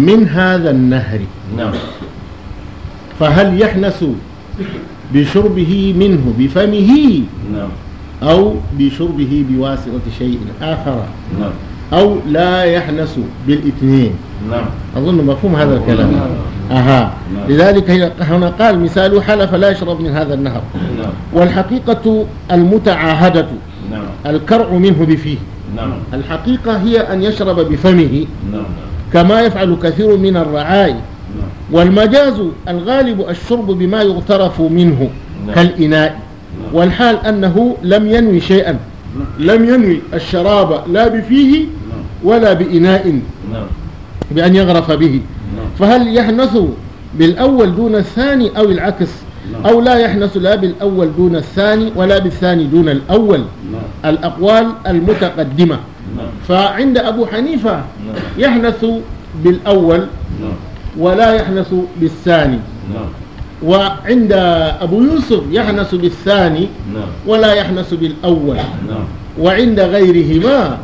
من هذا النهر نعم فهل يحنس بشربه منه بفمه نعم أو بشربه بواسطة شيء آخر نعم أو لا يحنس بالاثنين نعم أظن مفهوم هذا الكلام نعم. أها نعم. لذلك هنا قال مثال حلف لا يشرب من هذا النهر نعم. والحقيقة المتعاهدة نعم. الكرع منه بفيه نعم. الحقيقة هي أن يشرب بفمه نعم. كما يفعل كثير من الرعاي والمجاز الغالب الشرب بما يغترف منه نعم. كالإناء والحال أنه لم ينوي شيئا نعم. لم ينوي الشراب لا بفيه نعم. ولا بإناء بأن يغرف به فهل يحنث بالأول دون الثاني أو العكس أو لا يحنث لا بالأول دون الثاني ولا بالثاني دون الأول الأقوال المتقدمة نعم. فعند أبو حنيفة نعم. يحنث بالأول نعم. ولا يحنث بالثاني وعند أبو يوسف يحنث بالثاني ولا يحنث بالأول وعند غيرهما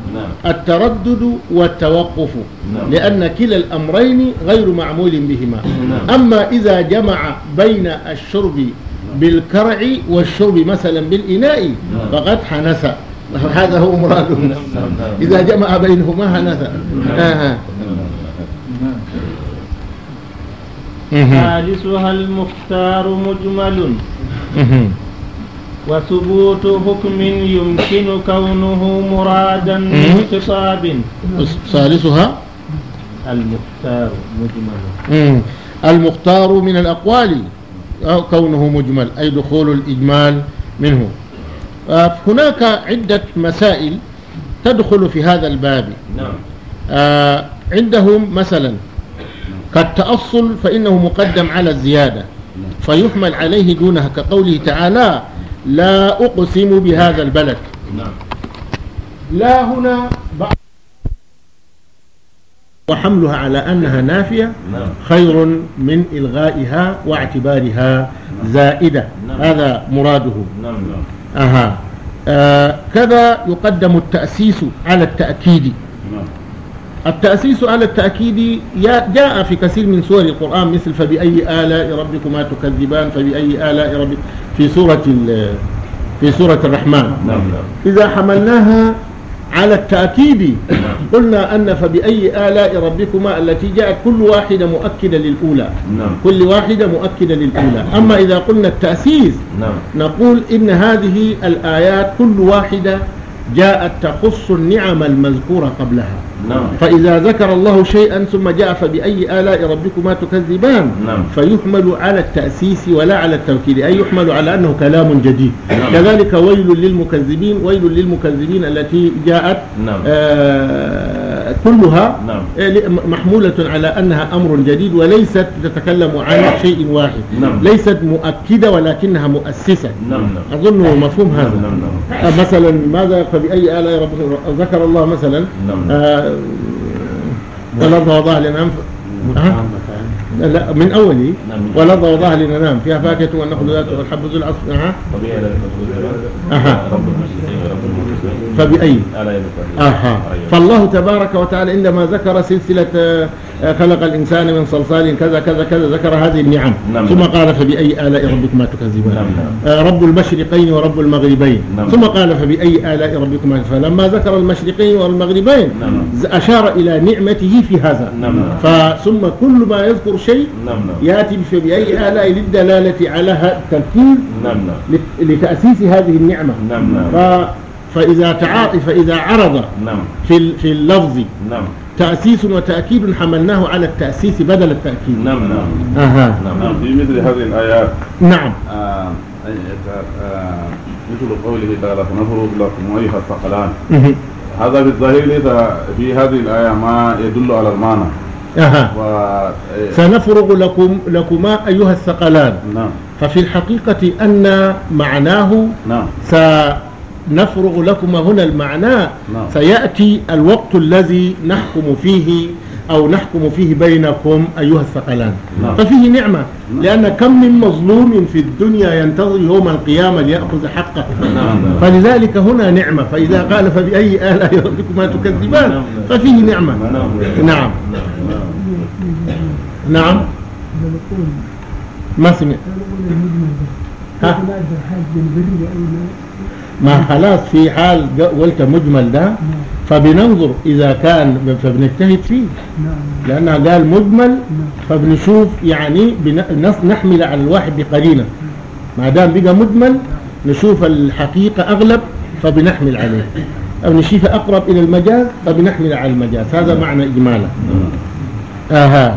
التردد والتوقف لأن كلا الأمرين غير معمول بهما أما إذا جمع بين الشرب بالكرع والشرب مثلا بالإناء فقد حنث هذا هو مرادهم نعم، نعم، نعم. إذا جمع بينهما آه، آه. حنث ثالثها المختار مجمل وثبوت حكم يمكن كونه مرادا من خطاب ثالثها المختار مجمل المختار من الأقوال آه، كونه مجمل أي دخول الإجمال منه هناك عدة مسائل تدخل في هذا الباب نعم آه، عندهم مثلا كالتأصل فإنه مقدم على الزيادة فيحمل عليه دونها كقوله تعالى لا أقسم بهذا البلد نعم. لا هنا بعض وحملها على أنها نافية نعم. خير من إلغائها واعتبارها زائدة نعم. هذا مراده أها آه كذا يقدم التأسيس على التأكيد التأسيس على التأكيد جاء في كثير من سور القرآن مثل فبأي آلاء ربكما تكذبان فبأي آلاء ربك في سورة في سورة الرحمن نعم. نعم. إذا حملناها على التأكيد قلنا أن فبأي آلاء ربكما التي جاءت كل واحدة مؤكدة للأولى نعم. كل واحدة مؤكدة للأولى نعم. أما إذا قلنا التأسيس نعم. نقول إن هذه الآيات كل واحدة جاءت تخص النعم المذكورة قبلها نعم. فإذا ذكر الله شيئا ثم جاء فبأي آلاء ربكما تكذبان نعم. فيحمل على التأسيس ولا على التوكيد أي يحمل على أنه كلام جديد نعم. كذلك ويل للمكذبين ويل للمكذبين التي جاءت نعم. آه كلها نعم. آه، محمولة على أنها أمر جديد وليست تتكلم عن نعم. شيء واحد نعم. ليست مؤكدة ولكنها مؤسسة نعم. نعم. أظن مفهوم هذا نعم. نعم. نعم. آه، مثلا ماذا فبأي آلاء رب ذكر الله مثلا نعم. آه والأرض وضعها للأنف لا من اوله نعم. والارض وضعها للانام فيها فاكهه والنخل ذات والحب ذو العصف اها اها فبأي؟ اها طيب. فالله تبارك وتعالى عندما ذكر سلسله آه، آه، خلق الإنسان من صلصال كذا كذا كذا ذكر هذه النعم نعم, نعم. ثم قال فبأي آلاء ربكما تكذبان نعم نعم آه، رب المشرقين ورب المغربين نعم ثم قال فبأي آلاء ربكما فلما ذكر المشرقين والمغربين نعم, نعم. أشار إلى نعمته في هذا نعم،, نعم فثم كل ما يذكر شيء نعم يأتي فبأي آلاء للدلالة على التركيز نعم لتأسيس هذه النعمة نعم فإذا تعاطف إذا عرض نعم في في اللفظ نعم تأسيس وتأكيد حملناه على التأسيس بدل التأكيد نعم نعم أها نعم, نعم. في مثل هذه الآيات نعم آه, آه، مثل قوله تعالى سنفرغ لكم أيها الثقلان هذا في الظاهر في هذه الآية ما يدل على المعنى أها و... إيه. سنفرغ لكم لكما أيها الثقلان نعم ففي الحقيقة أن معناه نعم س... نفرغ لكم هنا المعنى سيأتي نعم. الوقت الذي نحكم فيه أو نحكم فيه بينكم أيها الثقلان نعم. ففيه نعمة نعم. لأن كم من مظلوم في الدنيا ينتظر يوم القيامة ليأخذ حقه فلذلك هنا نعمة فإذا قال فبأي آلاء ربكما تكذبان ففيه نعمة نعم نعم ما سمعت ها ما خلاص في حال قلت مجمل ده فبننظر إذا كان فبنجتهد فيه لأنها قال مجمل فبنشوف يعني نحمل على الواحد بقرينة ما دام بقى مجمل نشوف الحقيقة أغلب فبنحمل عليه أو نشوف أقرب إلى المجاز فبنحمل على المجاز هذا معنى إجمالا آها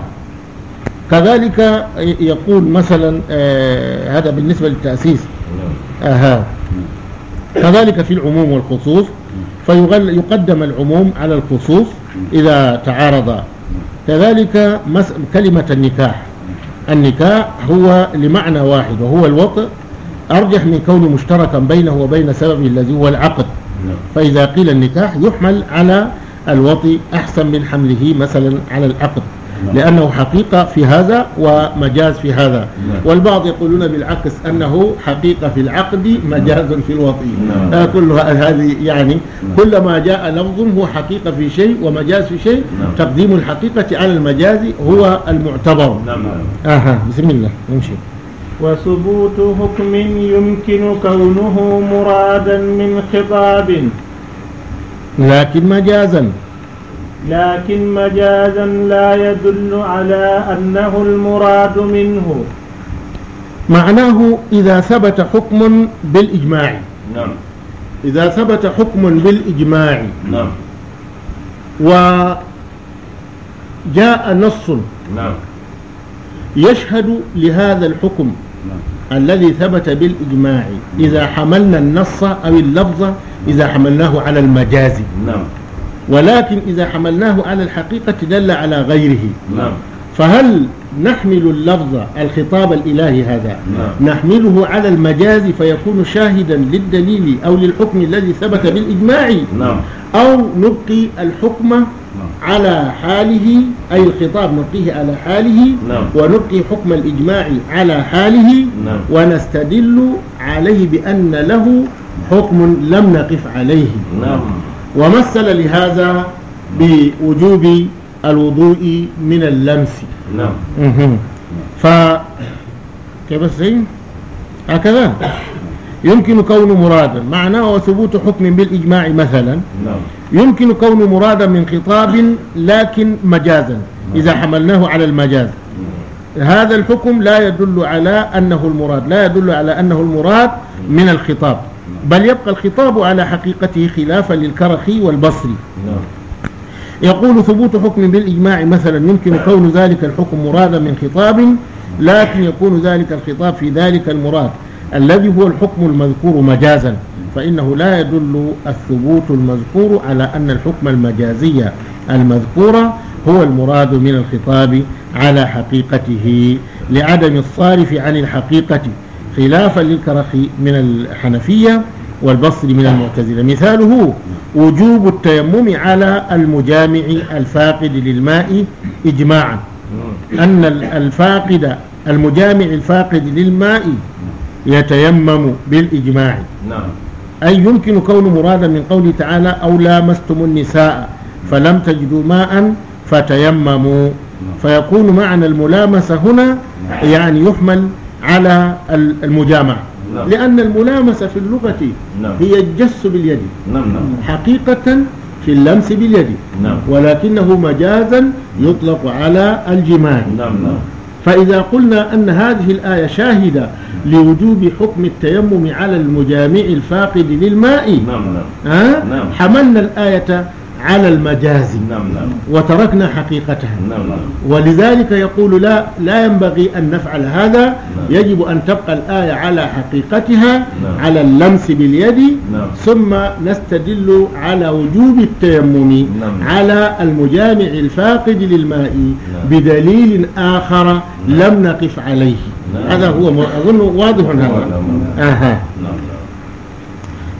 كذلك يقول مثلا آه هذا بالنسبة للتأسيس آها كذلك في العموم والخصوص فيقدم العموم على الخصوص إذا تعارض كذلك كلمة النكاح النكاح هو لمعنى واحد وهو الوطء أرجح من كونه مشتركا بينه وبين سببه الذي هو العقد نعم. فإذا قيل النكاح يحمل على الوطي أحسن من حمله مثلا على العقد نعم. لأنه حقيقة في هذا ومجاز في هذا نعم. والبعض يقولون بالعكس أنه حقيقة في العقد مجاز في الوطي نعم. آه، كل هذه يعني كلما جاء لفظ هو حقيقة في شيء ومجاز في شيء تقديم الحقيقة على المجاز هو المعتبر آها بسم الله نمشي وثبوت حكم يمكن كونه مرادا من خطاب لكن مجازا لكن مجازا لا يدل على أنه المراد منه معناه إذا ثبت حكم بالإجماع نعم. نعم إذا ثبت حكم بالإجماع نعم وجاء نص نعم يشهد لهذا الحكم نعم. الذي ثبت بالإجماع نعم. إذا حملنا النص أو اللفظ إذا حملناه على المجاز نعم ولكن إذا حملناه على الحقيقة دل على غيره نعم فهل نحمل اللفظ الخطاب الإلهي هذا نعم. نحمله على المجاز فيكون شاهدا للدليل أو للحكم الذي ثبت بالإجماع نعم. أو نبقي الحكم نعم. على حاله أي الخطاب نبقيه على حاله نعم. ونبقي حكم الإجماع على حاله نعم. ونستدل عليه بأن له حكم لم نقف عليه نعم. ومثل لهذا بوجوب الوضوء من اللمس نعم ف كيف السيد هكذا يمكن كون مرادا معناه وثبوت حكم بالإجماع مثلا نعم يمكن كون مرادا من خطاب لكن مجازا نعم. إذا حملناه على المجاز نعم. هذا الحكم لا يدل على أنه المراد لا يدل على أنه المراد من الخطاب بل يبقى الخطاب على حقيقته خلافا للكرخي والبصري يقول ثبوت حكم بالإجماع مثلا يمكن كون ذلك الحكم مرادا من خطاب لكن يكون ذلك الخطاب في ذلك المراد الذي هو الحكم المذكور مجازا فإنه لا يدل الثبوت المذكور على أن الحكم المجازي المذكور هو المراد من الخطاب على حقيقته لعدم الصارف عن الحقيقة خلافا للكرخي من الحنفية والبصري من المعتزلة مثاله وجوب التيمم على المجامع الفاقد للماء إجماعا أن الفاقد المجامع الفاقد للماء يتيمم بالإجماع نعم أي يمكن كون مرادا من قوله تعالى أو لامستم النساء فلم تجدوا ماء فتيمموا نعم. فيكون معنى الملامسة هنا يعني يحمل على المجامعة نعم. لأن الملامسة في اللغة نعم. هي الجس باليد نعم. نعم. حقيقة في اللمس باليد نعم. ولكنه مجازا يطلق على الجماع نعم. نعم. فإذا قلنا أن هذه الآية شاهدة لوجوب حكم التيمم على المجامع الفاقد للماء نعم. نعم. نعم. حملنا الآية على المجاز نعم نعم وتركنا حقيقتها نعم نعم ولذلك يقول لا لا ينبغي أن نفعل هذا نعم يجب أن تبقى الآية على حقيقتها نعم على اللمس باليد نعم ثم نستدل على وجوب التيمم نعم على المجامع الفاقد للماء نعم بدليل آخر نعم لم نقف عليه نعم هذا هو أظن واضح هذا نعم نعم نعم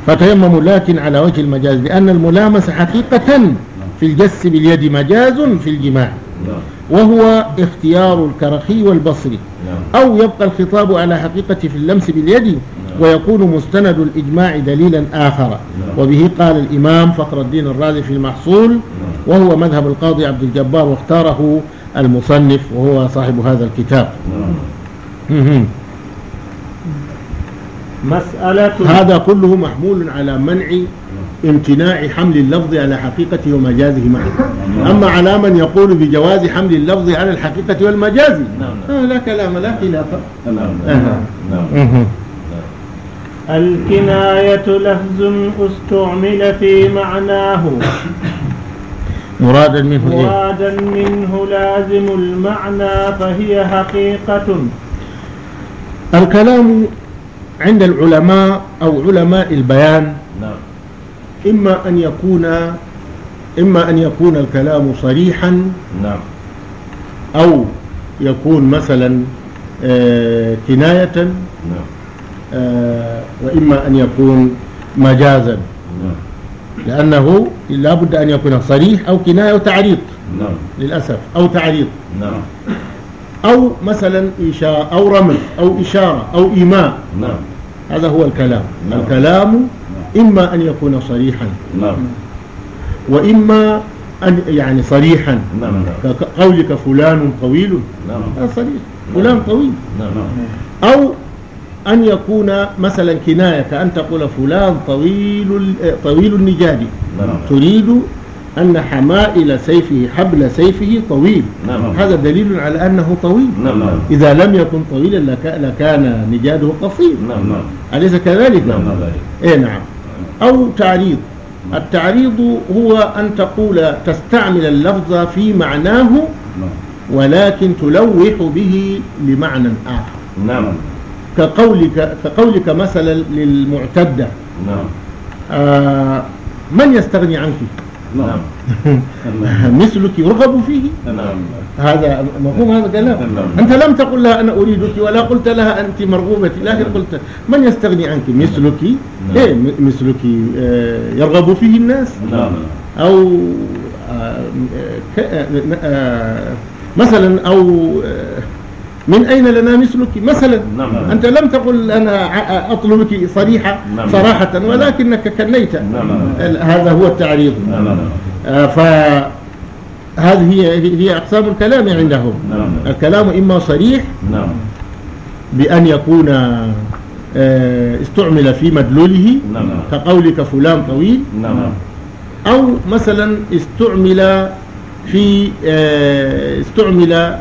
فتيمموا لكن على وجه المجاز لأن الملامسة حقيقة في الجس باليد مجاز في الجماع نعم. وهو اختيار الكرخي والبصري نعم. أو يبقى الخطاب على حقيقة في اللمس باليد نعم. ويكون مستند الإجماع دليلا آخر وبه قال الإمام فقر الدين الرازي في المحصول وهو مذهب القاضي عبد الجبار واختاره المصنف وهو صاحب هذا الكتاب مسألة هذا كله محمول على منع امتناع حمل اللفظ على حقيقته ومجازه معا أما على من يقول بجواز حمل اللفظ على الحقيقة والمجاز لا, نعم، نعم. لا كلام لا خلاف نعم، الكناية لفظ استعمل في معناه مرادا منه إيه؟ مرادا منه لازم المعنى فهي حقيقة الكلام عند العلماء أو علماء البيان نعم إما أن يكون إما أن يكون الكلام صريحا نعم أو يكون مثلا آه، كناية نعم آه، وإما أن يكون مجازا نعم لأنه لا بد أن يكون صريح أو كناية أو تعريض نعم للأسف أو تعريض نعم أو مثلا إشارة أو رمز أو إشارة أو إيماء نعم هذا هو الكلام نعم. الكلام نعم. إما أن يكون صريحا نعم وإما أن يعني صريحا نعم, نعم. كقولك فلان طويل نعم هذا صريح فلان نعم. طويل نعم. نعم أو أن يكون مثلا كناية كأن تقول فلان طويل طويل النجاد تريد أن حمائل سيفه حبل سيفه طويل نعم. هذا دليل على أنه طويل نعم. نعم. إذا لم يكن طويلا لكان نجاده قصير نعم. نعم. أليس كذلك؟ نعم،, نعم. إيه نعم أو تعريض التعريض هو أن تقول تستعمل اللفظ في معناه ولكن تلوح به لمعنى آخر نعم كقولك, كقولك مثلا للمعتدة نعم آه من يستغني عنك؟ نعم, نعم. مثلك يرغب فيه نعم. هذا مفهوم هذا كلام نعم. أنت لم تقل لها أنا أريدك ولا قلت لها أنت مرغوبتي لكن قلت من يستغني عنك مثلك إيه مثلك آه، يرغب فيه الناس نعم أو آه، آه، مثلا أو من أين لنا مثلك مثلا نعم. أنت لم تقل أنا أطلبك صريحة نعم. صراحة نعم. ولكنك كنيت نعم. نعم. هذا هو التعريض نعم. نعم. آه، فهذه هي, هي أقسام الكلام عندهم نعم. الكلام إما صريح نعم. بأن يكون آه، استعمل في مدلوله نعم. كقولك فلان طويل نعم. أو مثلا استعمل في آه، استعمل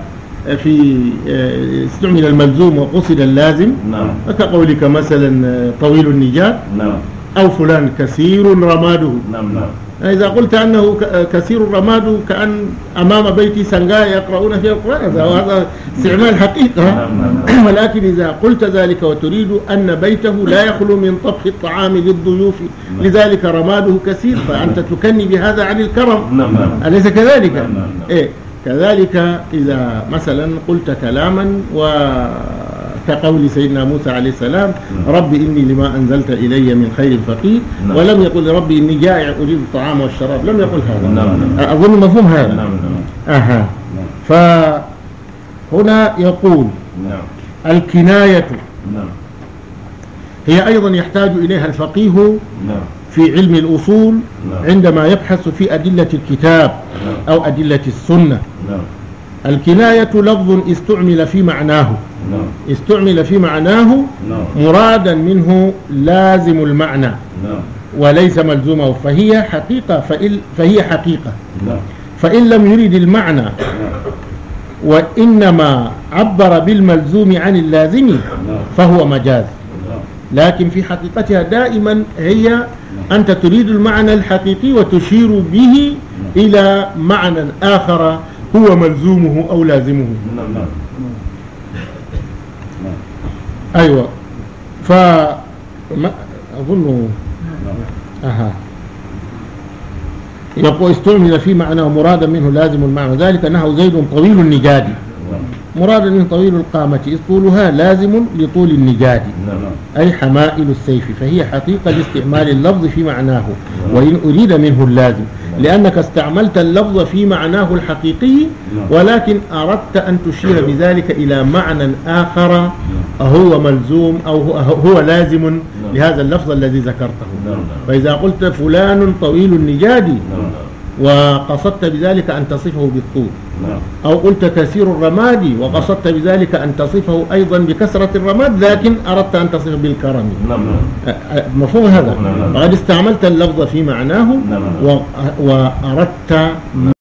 في آه، استعمل الملزوم وقصد اللازم نعم كقولك مثلا آه، طويل النجاة نعم أو فلان كثير رماده نعم نعم إذا قلت أنه آه، كثير رماده كأن أمام بيتي سنغاء يقرؤون فيها القرآن هذا نعم. استعمال حقيقة نعم، نعم، ولكن إذا قلت ذلك وتريد أن بيته لا يخلو من طبخ الطعام للضيوف لذلك رماده كثير فأنت تكني بهذا عن الكرم نعم نعم أليس كذلك؟ نعم نعم, إيه كذلك إذا مثلا قلت كلاما وكقول سيدنا موسى عليه السلام نعم. رب إني لما أنزلت إلي من خير فقير نعم. ولم يقل ربي إني جائع أريد الطعام والشراب لم يقل هذا نعم، أظن مفهوم هذا أها فهنا يقول الكناية هي أيضا يحتاج إليها الفقيه في علم الأصول نعم. عندما يبحث في أدلة الكتاب نعم. أو أدلة السنة نعم. الكناية لفظ استعمل في معناه استعمل في معناه مرادا منه لازم المعنى وليس ملزومه فهي حقيقة فهي حقيقة فإن لم يرد المعنى وإنما عبر بالملزوم عن اللازم فهو مجاز لكن في حقيقتها دائما هي أنت تريد المعنى الحقيقي وتشير به إلى معنى آخر هو ملزومه أو لازمه أيوة ف أظن أها يقول استعمل في معنى ومرادا منه لازم المعنى ذلك أنه زيد طويل النجاد مراد من طويل القامة إذ طولها لازم لطول النجاد نعم. أي حمائل السيف فهي حقيقة لاستعمال اللفظ في معناه وإن أريد منه اللازم نعم. لأنك استعملت اللفظ في معناه الحقيقي نعم. ولكن أردت أن تشير أيوه. بذلك إلى معنى آخر هو ملزوم أو هو لازم لهذا اللفظ الذي ذكرته فإذا قلت فلان طويل النجاد وقصدت بذلك أن تصفه بالطول نعم. أو قلت كثير الرماد وقصدت بذلك أن تصفه أيضا بكثرة الرماد لكن أردت أن تصفه بالكرم نعم، نعم. مفهوم هذا وقد استعملت اللفظ في معناه وأردت